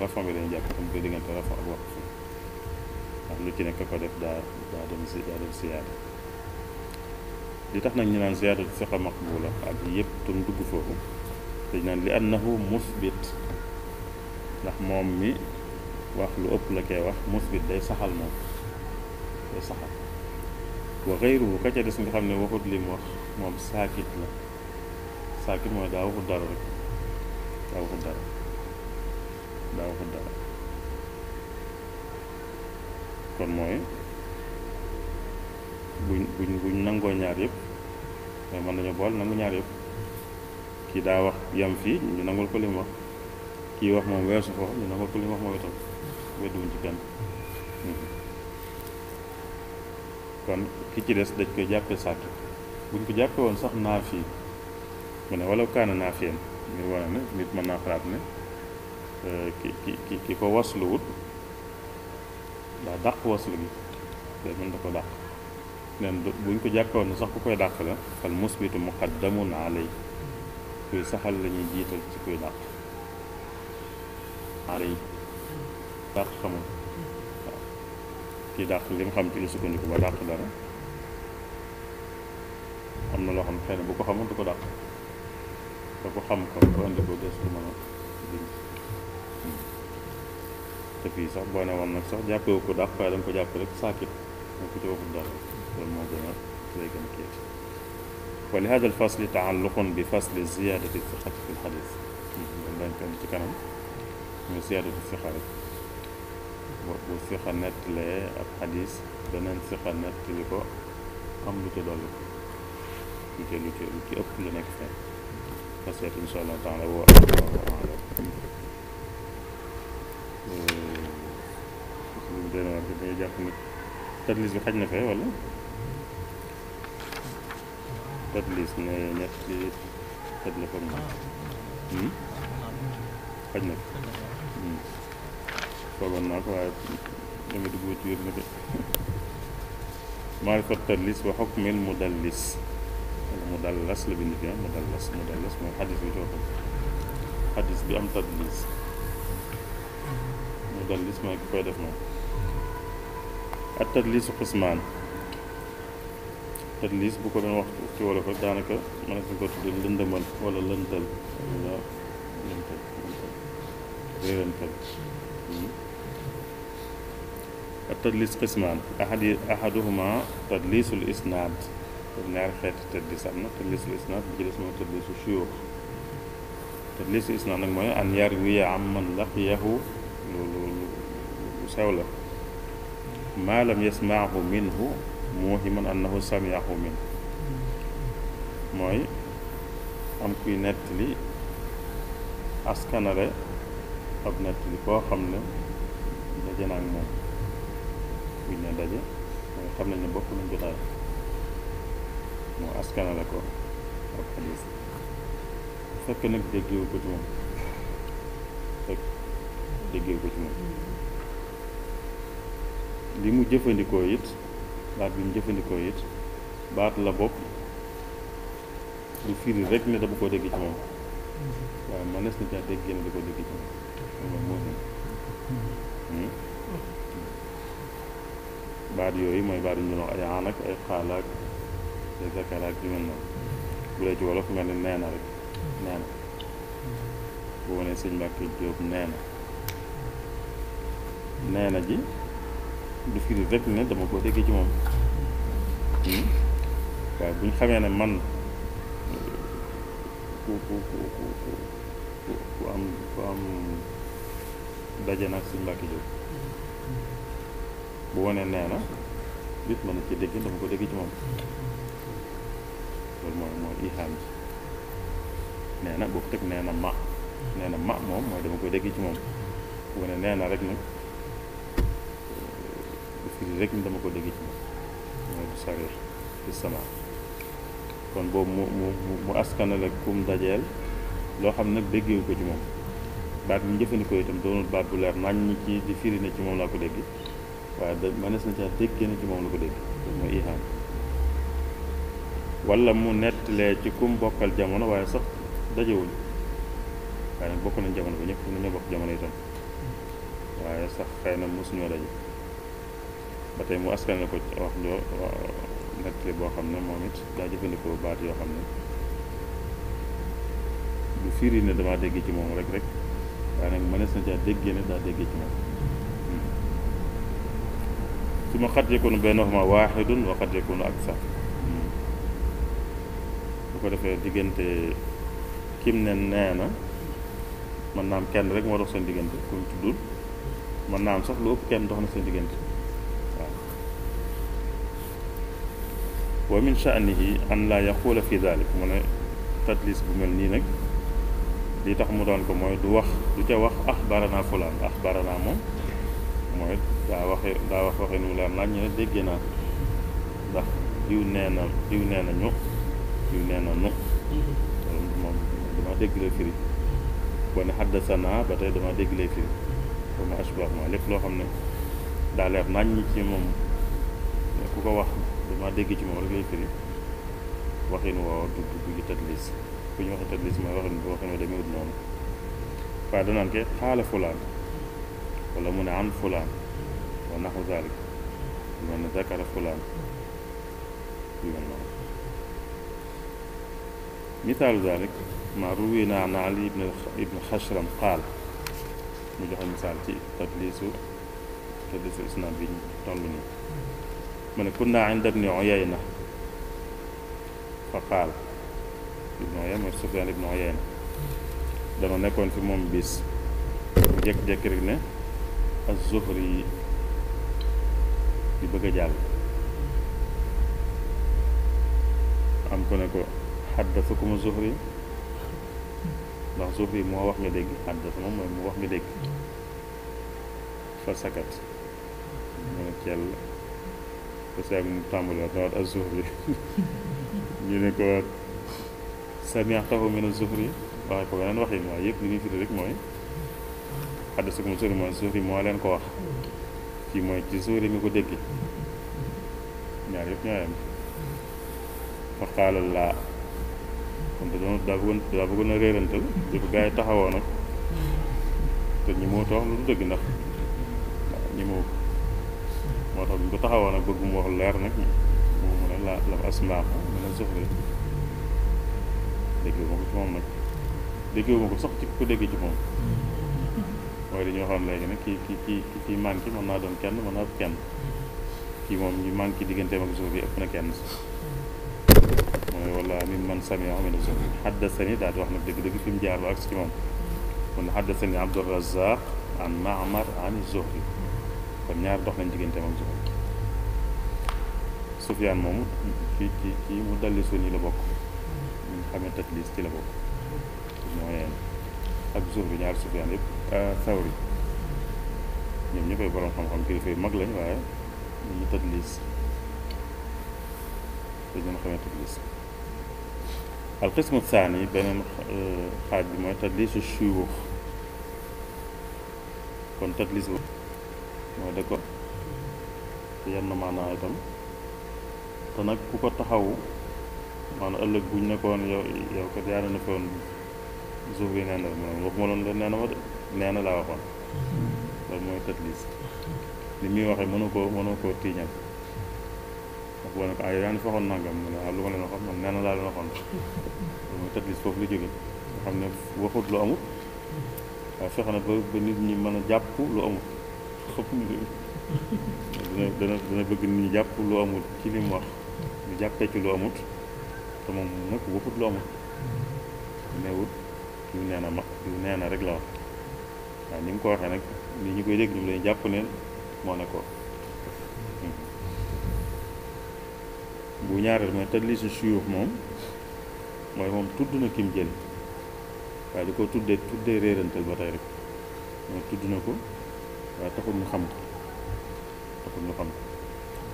réforme bi dañu jàpp comme que diggante réforme ak fi ndax lu ci nekk ko def daa daa dem si daa dem siyaada li tax nag ñu naan ziyaada fiqa maqbula ak yëpp tun dugg foofu dañ naan li annahu musbit ndax moom mi wax lu ëpp la koy wax musbit day saxal moom day saxal wa xayruhu ka ca des nga xam ne waxut li mu wax moom saakit la saakit mooy daa waxut dara rek daa waxut dara daaw ko dara kon mooy buñ buñ buñ nangoo ñaar yëpp mais mën nañu bool nangu ñaar yëpp kii daa wax yam fi ñu nangul ko lim wax kii wax moom weesu foofu ñu nangul ko lim wax moom itam wedduwuñ ci kenn hmm. kon ki ci des dañ koy jàppe sàkk buñ ko jàppe woon sax naa fii mu ne wala kana naa fiyen ngir wane ne nit mën naa xalaat Euh, ki ki ki ko wasluwut daa dàq waslu bi day mën da ko dàq nen buñ ko jàppoon ne sax ku koy dàq la fal musbitu muqaddamun alay kuy saxal la ñuy jiital ci kuy dàq alay dàq xamul waaw kii dàq li xam dàq dara na loo xam xëy bu ko xamul du ko dàq te ko xam kon ko indi ko des du mën a bind te fii sax boo ne woon nag sax jàppewu ko dàq waaye da nga ko jàpp rek saakit da nga ko ci waxul dara loolu moo gën a lay gën a kii wa li hada al fasli taalluqun bi fasli ziyadati siqati fi lxadis dañ daan ko ci kanam ñu ziyadati siqa rek bu bu siqa nettalee ab xadis beneen siqa nettali ko am lu ca dolli ko lu ca lu ca lu ci ëpp lu nekk fenn parce que incha allah taala wa jàpp ne tadlis bi xaj na fee wala tadlis ne ñetti téléphone yi xaj na fi hmm. foogoon naa ko waaye danga dugg ci wér na de maarifat tadlis wa mudallis mudallas la bind fi ah, mudallas mudallas mooy xadis bi toog xadis bi am tadlis mudallis mooy koy def moom التدليس قسمان تدليس بكل وقت وقت ولا فرد wolof rek daanaka mën na ko ولا لندل wala لندل wala lëntal التدليس قسمان أحد أحدهما تدليس الإسناد نعرف هذا التدليس أمنا تدليس الإسناد بجلس ما تدليس الشيوخ تدليس الإسناد نعم أن يروي عمن لقيه لو لو لو سولة maa lam yasmaahu minhu muuhiman annahu samiahu minhu mooy am kuy li askanale ab nettali koo xam ne daje naa ak moom buñ ne daje mooy xam nañ ne ko ab xadiis fekk nag déggewu ko ci moom fekk déggewu ko ci moom li mu jëfandikoo it baat bi mu jëfandikoo it baat la bopp du firi rek ne dama ko dégg ci moom hmm? baat yooyu mooy baat yu ñu doon ay aan ak ay xaal ak ay zakar ak mel noonu bu dee ci wolof nga ne nee na rek nee na bu wane sëñ Jóob nee na ji du firi rek ne dama ko déggee ci moom hmm? waaye bu ñu xamee ne man euh, ku ku ku ku ku am ku am daje naag suñu mbàkki jóg bu wane nee na it mën ci dégg dama ko dégg ci moom loolu mooy mooy ihaam ji nee na boobu teg nee na ma nee na ma moom mooy dama koy dégg ci moom bu wane nee na rek nag firi rek ni dama ko dégg ci moom mooy bu sarir fi sama kon boobu mu mu mu askanale kum dajeel loo xam nag déggewu ko ci moom baat bi ñu jëfandikoo itam doonul baat bu leer nañ ñi ci di firi ci moom laa ko dégg waaye da mënees na caa déggee na ci moom la ko dégg mooy ihaan wala mu nettalee ci kum bokkal jamono waaye sax dajewuñ waaye nag bokk nañ jamono ba ñëpp nañoo bokk jamono itam waaye sax xëy na mosuñoo daje ba tey mu askan na ko wax joo nettali boo xam ne moom it daa jëfandikoo baat yoo xam ne bu firi ne damaa dégg ci moom rek rek waaye nag mënees na caa déggee ne daa déggee ci moom hmm. su ma xat yakunu baynahuma waaxidun wa xat yakunu aksar hmm. bu ko defee diggante kim ne nee na mën naa kenn rek moo dox seen diggante ku ñu tuddul mën naa am sax lu ëpp kenn dox na seen diggante ومن شأنه أن لا يقول في ذلك من تدلس بملني نك لي تخ مو دون كو موي دو واخ دو تي واخ اخبارنا فلان اخبارنا مو موي دا واخ دا واخ واخ نو لام لا ني ديغينا دا ديو نينا ديو نينا نيو ديو نينا نو مم دا ديغ لي كري وانا حدثنا باتاي دا ما ديغ لي كري وما اشبه ما لي فلو خامني دا لير ناني تي موم كوكو واخ maa dégg ci moom rek lay firi waxin woo du du ci tadlis bu ñu waxee tadlis mooy waxin bu waxin woo demeewut noonu waaye danaan ke xaala fulaan wala mu ne an fulaan wa naxu zalik mel na zakara fulaan yu mel noonu مثال ذلك ما روينا عن علي بن ابن خشرم قال نجح مثال تدليس تدليس الإسناد بن طلني من كنا عند ابن عيينة فقال ابن عيينة سفيان ابن عيينة دانا نكون في موم بيس جك جك رغنا الزهري دي بغا جال ام كونيكو حدثكم الزهري دا زهري مو واخ نيا دغ حدث مو مو واخ نيا دغ فسكت من كيل ba saag mu tàmbali waat dawaat az-zuhri ñu ne ko sami'tahu min az-zuhri waxee ko beneen waxin waaye yëpp li ñuy firi rek mooy xaddasako mu sori mooy zuhri leen ko wax fii mooy ci zuhri mi ko dégge ñaar yëpp ñooyam fa qaala laa kon daa bëggoon daa bëggoon a réerantal di ko taxawoo nag te ñi moo lu du dëgg ndax waaw ñi moo tax buñ ko taxawoon ak bëgg mu wax leer nag moom mu ne la la asmaa ko mu ne zuhri déggee ma ko ci moom nag déggee ma ko sax ci ko déggee ci moom mooy dañoo xam léegi nag kii kii kii kii manqué mën naa doon kenn mën naa kenn kii moom ñu manqué digganteem ak zuhri ëpp na kenn sax mu ne wala min man sami amee na zuhri xaddasani daal di wax nag dëgg-dëgg fi mu jaar ba ak ci moom mu ne xaddasani Abdur Razaq an Maamar an Zuhri ñaar dox lañ digënté mom jëf Sufyaan mom ki ki ki mu dalé so ni la bokk ñu xamee li ci la bokk moy ak jour bi ñaar Sufyaan yëpp Sawri ñom ñi koy borom xam-xam ki fay mag lañ waye ñu tadlis li ci xamee xamé al li saani beneen xaaj bi mooy tadlisu shuyuux kon tadlis mooy décor te yenn maanaa itam te nag ku ko taxawu maanaam ëllëg buñ nekkoon yow yow kat yaa ne foofu suuf bi nee na moom waxuma loon de nee na ma de nee na laa waxoon loolu mooy tadlis li muy waxee mënu koo mënu koo tiiñal ndax boo ne ko ah yaa ngi faxoon nangam mu ne ah lu ma leen waxoon man nee na laa leen waxoon loolu mooy tadlis foofu lu jóge nga xam ne waxut lu amut waaye fexe na ba ba nit ñi mën a jàpp lu amut foog ñu dina dana dana bëgg ni jàpp lu amul ci li mu wax ñu jàppee ci lu amut te moom nag waxut lu amut neewut diw nee na ma diw nee na rek la wax waaye ni mu ko waxee nag ni ñu koy déglu dañu jàpp ne moo ne ko bu ñaareel mooy tadliisu suyuux moom mooy moom tudd na kim jël waaye di ko tuddee tuddee réerantal ba tey rek mooy tudd na ko waaye taxul ñu xam ko taxul ñu xam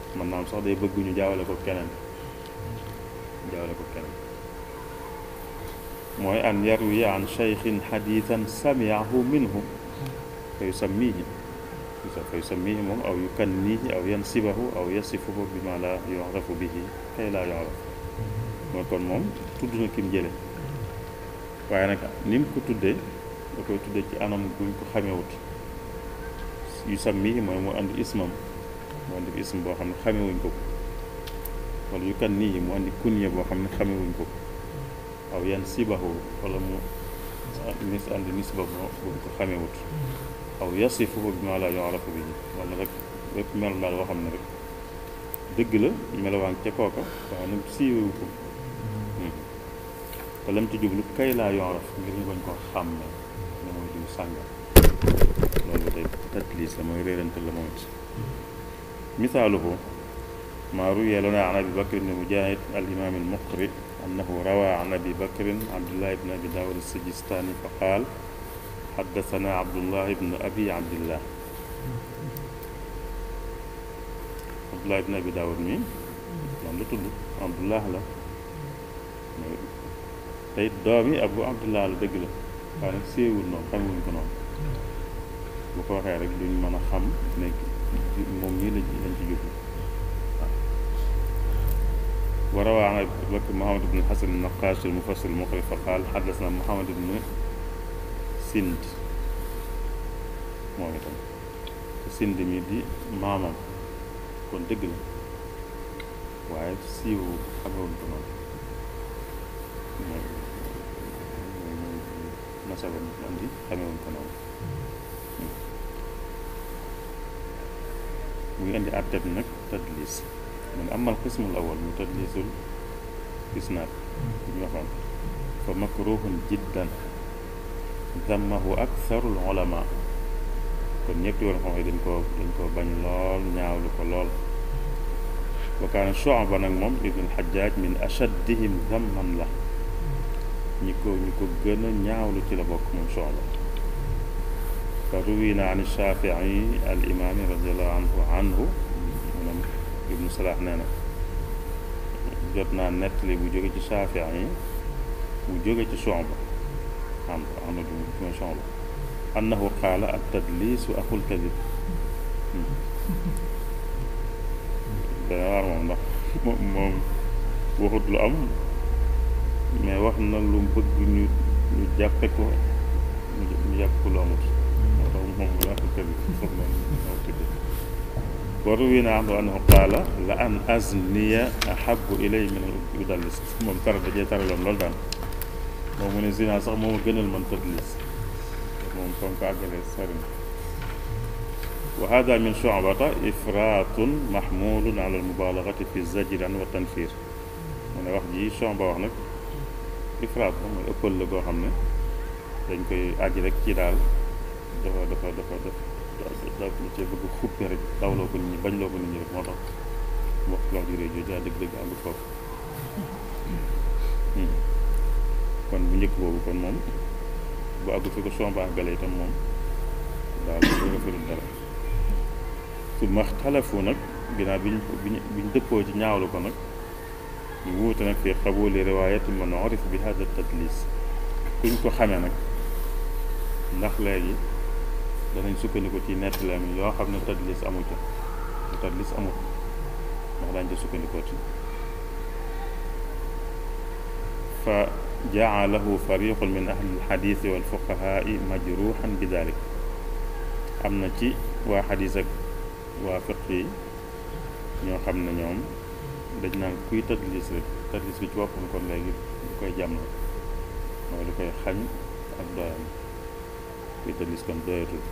ko man naam sax day bëgg ñu jaawale ko keneen jaawale ko keneen mooy an yarwi an cheikhin xadiisan samiahu minhu fa yusammihi fa yusammihi moom aw yukannihi aw yansibahu aw yasifuhu bi ma la yu'rafu bihi kay laa yu'raf mooy kon moom tudd na kim jële waaye nag ni mu ko tuddee da koy tuddee ci anam guñ ko xamewut yu sàmmi mooy mu ànd ismam mu ànd ism boo xam ne xamewuñ ko wala yu kan nii mu àndi kunya boo xam ne xamewuñ ko aw yan sibahu wala mu nis ànd nisba buñ ko xamewut aw yasifu bi ma la rek rek mel daal boo xam ne rek dëgg la melowaan ca kooka waaye nag siiwewu ko hmm. te lam ci jublu kay laa yu'raf ngir ñu ko xàmme ne mooy diw sàngam ak liis la mooy réerante la ما روي لنا عن أبي بكر بن مجاهد الإمام المقرئ أنه روى عن أبي بكر عبد الله بن أبي داود السجستاني فقال حدثنا عبد الله بن أبي عبد الله عبد الله بن أبي داود مين؟ عبد الله لا tey doom ابو عبد الله la dëgg la waaye nag séewul noonu bu ko waxee rek duñ mën a xam ne moom nii lañ lañ ci jublu وروى عن بكر محمد بن الحسن النقاش المفسر المخرج فقال حدثنا محمد بن سند moom itam sind mi di maamam kon dëgg la waaye siiwu xamewoon ko noonu mooy mooy mooy nasabam andi xamewoon ko noonu ويعني أبدأ منك تدليس من أما القسم الأول متدليس الإسناد فمكروه جدا ذمه أكثر العلماء كن يبدو أنه هو دينكو دينكو بني لول نعو لكو لول وكان شعبا نغمم ابن الحجاج من أشدهم ذما له نيكو نيكو جنة نعو لكي لبوك من شعبا فروينا عن الشافعي الإمام رضي الله عنه عنه نعم. ابن صلاح نانا نعم. جبنا نتلي بجوري الشافعي بجوري الشعب عنه عنه جمع شعب أنه قال التدليس أخو الكذب دارم نعم. الله مم وحد الأمر ما وحنا لو بغي ني ني وروينا عنه أنه قال لأن أزني أحب إلي من يدلس مم ترد جي ترى لهم لولدان مم نزينا سأقوم مم جن المن تدلس مم تنك سرين وهذا من شعبة إفراط محمول على المبالغة في الزجر والتنفير من واحد جي شعبة وحنك إفراط مم أقول لكم حمي لأنك أجلك كدال dafa dafa dafa def da da cee bëgg xuppe rek dawloo ko nit ñi bañ loo ko nit ñi rek moo tax wax wax di rajo jaa dëgg-dëgg àndul foofu kon bu njëkk boobu kon moom bu àggu fi ko sombaax gale itam moom daal du rafetlu dara su ma xalafu nag ginnaaw bi ñu bi ñu dëppoo ci ñaawlu ko nag ñu wuute nag fii xabuli riwaayati man urif bi hada tadlis kuñ ko xamee nag ndax léegi danañ sukkandiku ci nettali mi yoo xam ne tadlis amul ca tadlis amul ndax daañu ca sukkandikoo ci fa jaalahu fariqun min ahli alxadisi walfuqahaai majruuxan bi dalik am na ci waa xadis ak waa fiq yi ñoo xam ne ñoom dañ naan kuy tadlis rek tadlis bi ci boppam kon léegi du koy jàmm la mooy lu koy xañ ak doyam kuy tadlis kon doyatul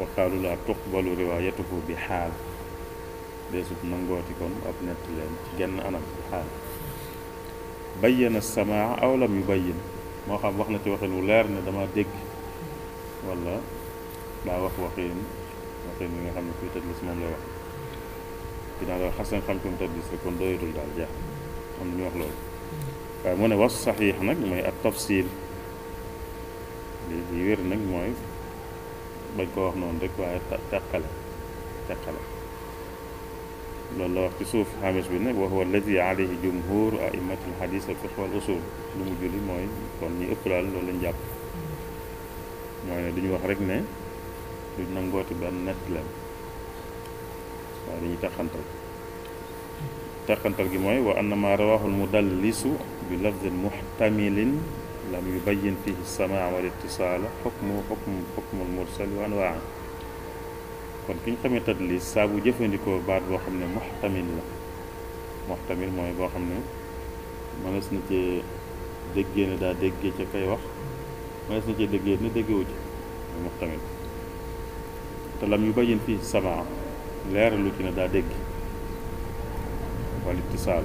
وقالوا لا تقبل روايته بحال بيسوب منغوتي كون أبنت لين تجن أنا بحال بيّن السماع أو لم يبين ما خاب وقنا توقي الولار ندما ديك ولا لا وقف وقين وقين من يخم في تدلس من لوح كنا على حسن خمكم تدلس لكم دوير الدرجة هم نيوح لول فمونا وصحيح نجمي التفصيل بيوير نجمي bañ ko wax noonu rek waaye teqale teqale loolu la wax ci suuf xaamis bi nag wa huwa alladi alayhi jumhur aimatul xadis al fiq wal usul lu mu julli mooy kon ñi ëpp daal loolu lañ jàpp mooy ne duñu wax rek ne duñ nangooti benn nett leen waaye dañuy taxantal taxantal gi mooy wa annama rawaxul mudallisu bi lafdin muxtamilin لم يبين فيه السماع والاتصال حكمه حكم حكم المرسل وانواع كون كين خمي تدلي سابو جيفانديكو بار بو خامني محتمل لا محتمل موي بو خامني ما نس نتي دغينا دا دغي تي كاي واخ ما نس نتي دغي ني دغي وتي محتمل تلم يبين فيه السماع لير لو كينا دا دغي والاتصال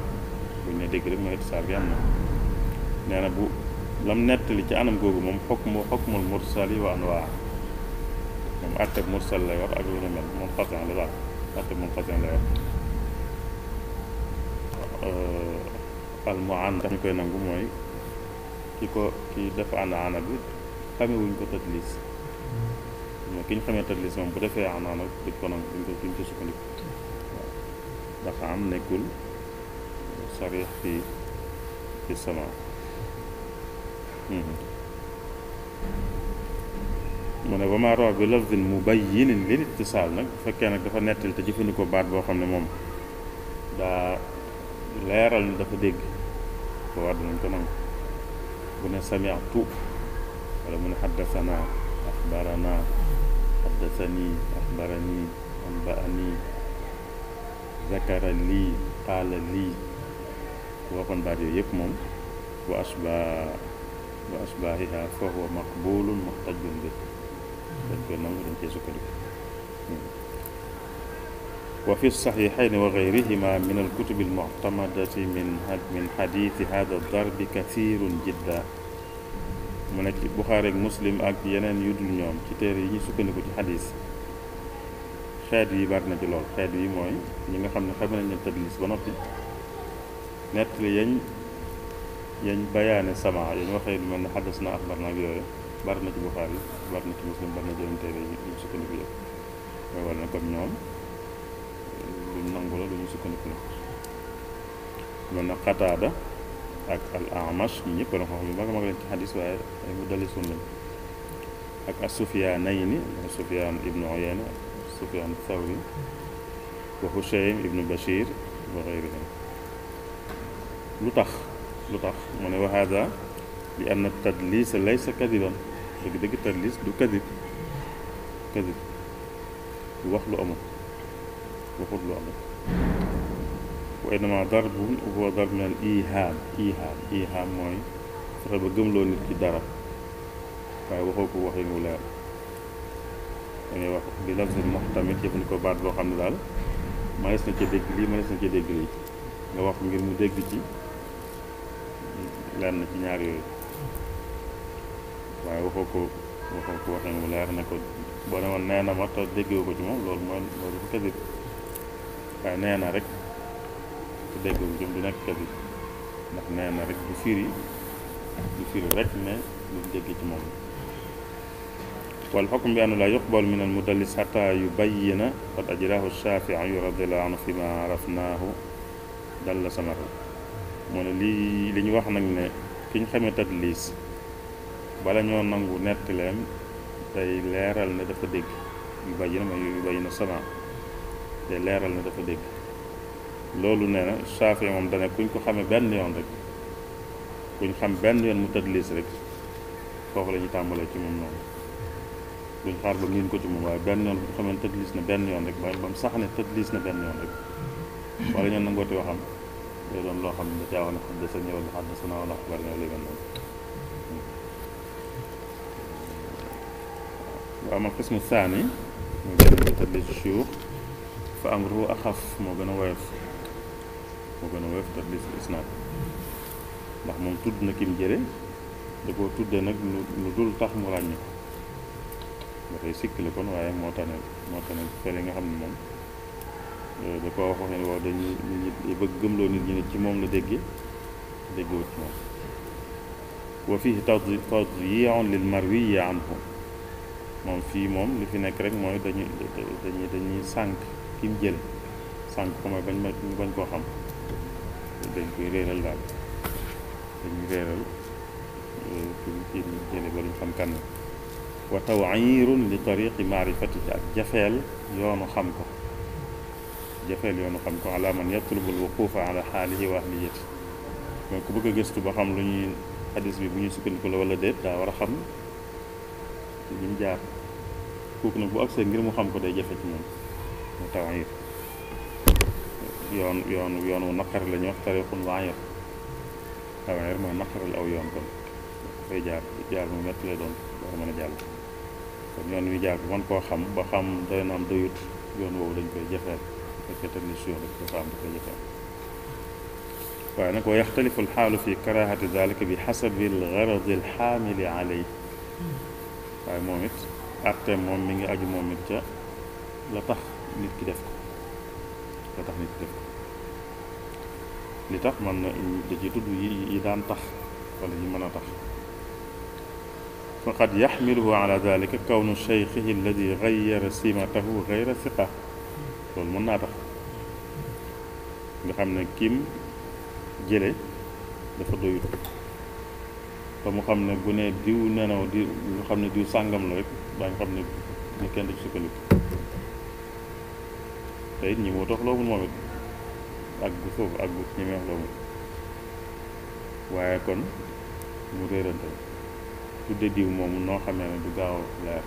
بو ني دغي ما اتصال يامنا نانا بو لم نتل كي أنا مقول مم حكم حكم المرسلي وأنواع مم أكتب مرسل لا يور أقول لهم منقطع لا أكتب منقطع لا يور المعان تاني كي نعقوم أي كي كو كي دفع أنا أنا بيد كم يوين كو تدلس ما كم يتدلس مم بدفع أنا أنا بيد كنا نعقوم كو تيم تسوق لي أنا نقول صريح في في السماء mu ne ba maa rawa bi lafdin mubayyinin lil ittisaal nag bu fekkee nag dafa nettali te jëfandikoo baat boo xam ne moom daa leeral ni dafa dégg boo war dinañ ko nangu bu ne samiatu wala mu ne xaddasana axbarana xaddasani axbarani anbaani zakara lii qaala lii waxoon baat yooyu yëpp moom wa asba وأشباهها فهو مقبول محتج به وفي الصحيحين وغيرهما من الكتب المعتمدة من من حديث هذا الضرب كثير جدا من بخاري مسلم أك ينن يدل نيوم كتيري يسكنك حديث خادي بارنا جلول خادي موي نيغا خامن خامن نيو تدليس بنوبي نيت لي yañ bayaane sama yañ waxee lu mel ne xaddas na axbar naag yooyu bari na ci buxaari bari na ci muslim bari na jëlam téere yi ñu sukkandiku yëpp mooy wala ne kon ñoom luñ nangu la lu ñu sukkandiku la mel na xataada ak al amash ñi ñëpp na xam yu mag a mag lañ ci xadis waaye ay mu dali sun lañ ak as sufiyaanayni sufiyaan ibnu uyayna sufiyaan thawri wa hushaym ibnu bashir wa gayrihim lu tax شكل ضعف من هذا لأن التدليس ليس كذبا دقدق التدليس دو كذب كذب يوخ له أمر يوخذ له أمر وإنما ضرب هو ضرب من الإيهام إيهام إيهام موي فربا جملو نيت كي دارا فاي واخو كو واخين ولا يعني واخ بلفظ محتمل يبن كو بعد بو خامني دال ما يسنا كي ديغ ما يسنا كي ديغ لي nga wax ngir mu leer na ci ñaar yooyu waaye waxoo ko waxoo ko waxee mu leer ne ko boo ne woon nee na ma te déggoo ko ci moom loolu mooy mooy dafa kadib waaye nee na rek te déggoo ko ci moom du nekk kadib ndax nee na rek du firi du firi rek ne lu dégg ci moom والحكم بأنه لا يقبل من المدلس حتى يبين قد أجراه الشافعي رضي الله عنه فيما عرفناه دل سمره moo lii li ñu wax nag ne ki ñu xamee tadlis bala ñoo nangu nettaleem day leeral ne dafa dégg yu bàyyi na ma yu bàyyi na sama day leeral ne dafa dégg loolu nee na saafe moom dane kuñ ko xamee benn yoon rek kuñ xam benn yoon mu tadlis rek foofu la ñuy tàmbalee ci moom noonu duñ xaar ba miin ko ci moom waaye benn yoon bu ñu xamee tadlis na benn yoon rek ba mu sax ne tadlis na benn yoon rek wala ñoo nangoote waxam يرون الله حمد الله تعالى حدثني ولا حدثنا ولا أخبرنا ولا بنا وأما القسم الثاني مجرد تبليج الشيوخ فأمره أخف مبنواف مبنواف تبليج الإسناد ndax moom tudd na kim jëre da koo tuddee nag lu lu dul tax mu ràññi dafay sikk la kon waaye moo da ko waxoon ne waaw dañuy dañuy bëgg gëmloo nit ñi ne ci moom la déggee déggewut ci moom wa fihi tawdi tawdiun lil marwiyi anhu moom fii moom li fi nekk rek mooy dañuy dañuy dañuy sànq ki mu jël sànq ko mooy bañ ma bañ koo xam dañ koy réeral daal dañuy réeral ki ki mu jële ba duñ xam kan wa tawirun li tariqi maarifatihi ak jafeel yoonu xam ko jafeel yoonu xam ko ala man yatlubul wuqufa ala xaalihi wa ahliyati mooy ku bëgg a gëstu ba xam lu ñuy xadis bi bu ñuy sukkandiku la wala déet daa war a xam li mu jaar kooku nag bu agsee ngir mu xam ko day jafe ci moom mu tawayir yoon yoon yoon wu naqar la ñuy wax tariqun waayir tawayir mooy naqaral aw yoon kon dafay jaar jaar mu métti lay doon war mën a jàll kon yoon wi jaar bu mën koo xam ba xam doy na am doyut yoon woowu dañ koy jafeel كتابه النسيان للتفاهم بكيتها فعنك ويختلف الحال في كراهة ذلك بحسب الغرض الحامل عليه فعن مومت أكتر موم من أجل مومت لطخ نيت كدفك لطخ نيت كدفك لطخ من جيتو دو يدان طخ ولا يمنا طخ فقد يحمله على ذلك كون شيخه الذي غير سمته غير ثقه loolu mën naa tax nga xam ne kim jële dafa doyut te mu xam ne bu ne diw nanaw di nga xam ne diw sàngam la rek daañu xam ne ni kenn du ci sukkandiku te ñi moo tax loolu moom it ak gu foofu ak gu ñi may waaye kon mu réerante tudde diw moomu noo xam ne du gaaw leer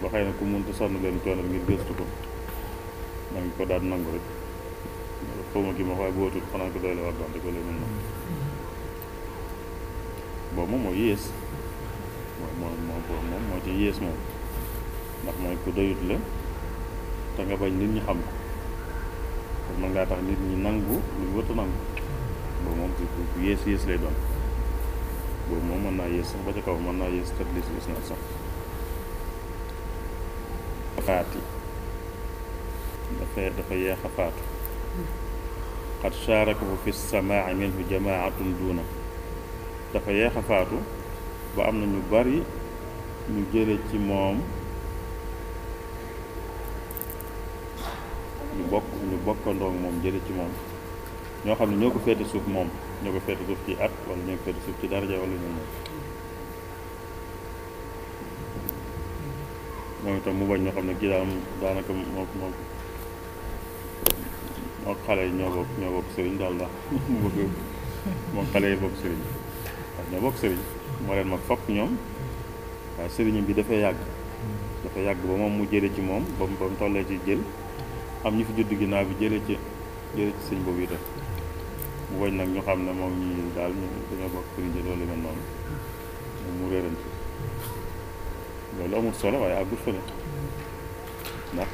ba xëy na ku munta sonn leen coono ngir gëstu ko dañ ko daan nangu rek xaw ma kii ma waaye bootul xanaa ko doy la war doon rek wala mel noonu boobu yées mooy mooy mooy la te nga bañ nit ñi xam ko kon mën tax nit ñi nangu lu ñu boobu moom ku yées lay doon moom mën naa yées sax ba ca kaw mën naa yées tëdd li si gis naa dafa dafa yeex a faatu xat shaarakahu fi samaa'i minhu jamaatun duuna dafa yeex a faatu ba am na ñu bari ñu jële ci moom ñu bokk ñu bokkandoo moom jële ci moom ñoo xam ne ñoo ko féete suuf moom ñoo ko féete suuf ci at wala ñoo ko féete suuf ci daraja wala ñu moom moom itam mu bañ ñoo xam ne kii daanaka moom moom xale yi ñoo bokk ñoo bokk sëriñ daal la *laughs* mu bëgg moom xale yi bokk sëriñ ndax ñoo bokk sëriñ moo leen mag fopp ñoom waaye sëriñam bi dafay yàgg dafa yàgg ba moom mu jële ci moom ba mu ba mu ci jël am ñu fi judd ginnaaw bi jële ci jële ci sëñ boobu itam mu wañ nag ñu xam ne moom ñi daal ñu dañoo bokk sëriñ ji loolu mel noonu mu réerante loolu amul solo waaye àggul fa ne ndax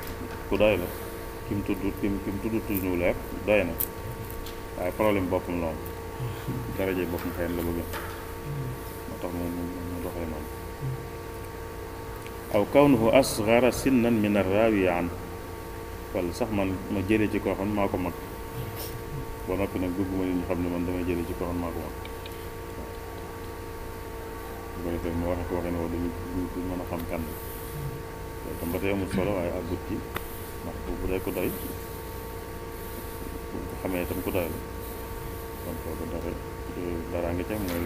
ku doy la ki mu tudd ki mu tudd toujours lépp doy na waaye problème boppam loolu daraje boppam xëy la bëgg moo tax mu mu doxee noonu aw kawnuhu asgara sinnan min arraawi an wala sax man ma jëlee ci koo xam ne maa ko mag ba noppi nag bëgguma nit ñu xam ne man damay jëlee ci koo maa ko mag bu mu waxee ko waxee ne woo dañu duñ a xam kan la loolu tam solo waaye àggut ci ndax bu dee ko doy bu ko xamee itam ku doy la kon kooku dara dara nga ca mooy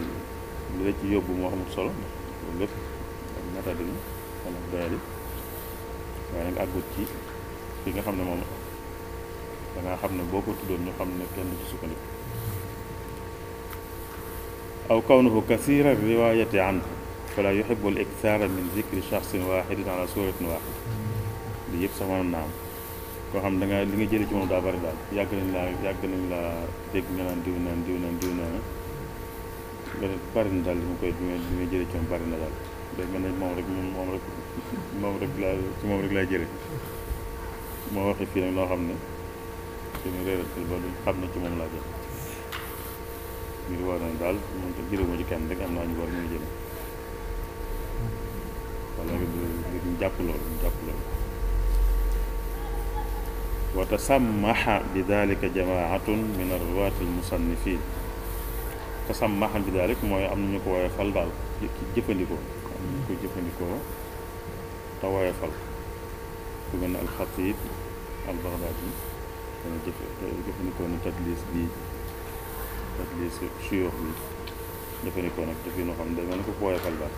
li la ci yóbbu moo xamul solo ndax loolu lépp ak méthode yi kon ak doyal yi waaye nag àggut ci fi nga xam ne moom da ngaa xam ne boo ko tuddoon ñu xam ne kenn ci sukkandiku aw kawnuhu kasira riwayati anhu fala yuhibu al iktaara min zikri shaxsin waxidin ala suratin waxida li yëpp sax mënoon naa am koo xam da nga li nga jëlee ci moom daa bari daal yàgg nañ laa yàgg nañ laa dégg nga naan diw naan diw naan diw naan nga ne bari na daal li ma koy li nga jëlee ci moom bari na daal dégg nga ne moom rek moom moom rek moom rek laa ci moom rek laa jëlee moo waxee fii nag loo xam ne suñu réeratal ba lu xam ne ci moom laa jël ngir war na daal moom te jëlee ci kenn rek am naa ñu war ñu jëlee wala ñu jàpp loolu jàpp loolu وتسمح بذلك جماعة من الرواة المصنفين تسمح بذلك موي ام نكو ويفال دال جيفانديكو ام نكو جيفانديكو تا ويفال كوغن الخطيب البغدادي جيفانديكو ني تدليس بي تدليس شيوخ بي جيفانديكو نك تفي نو خام نكو ويفال دال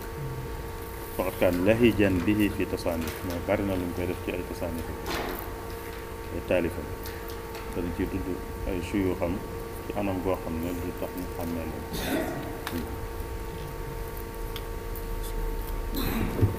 فقط كان لهجا به في تصانيف ما كارنا لم يرد في التصانيف taalifam dañ ciy tudd ay suyu xam ci anam goo xam ne du tax ñu xàmmee leen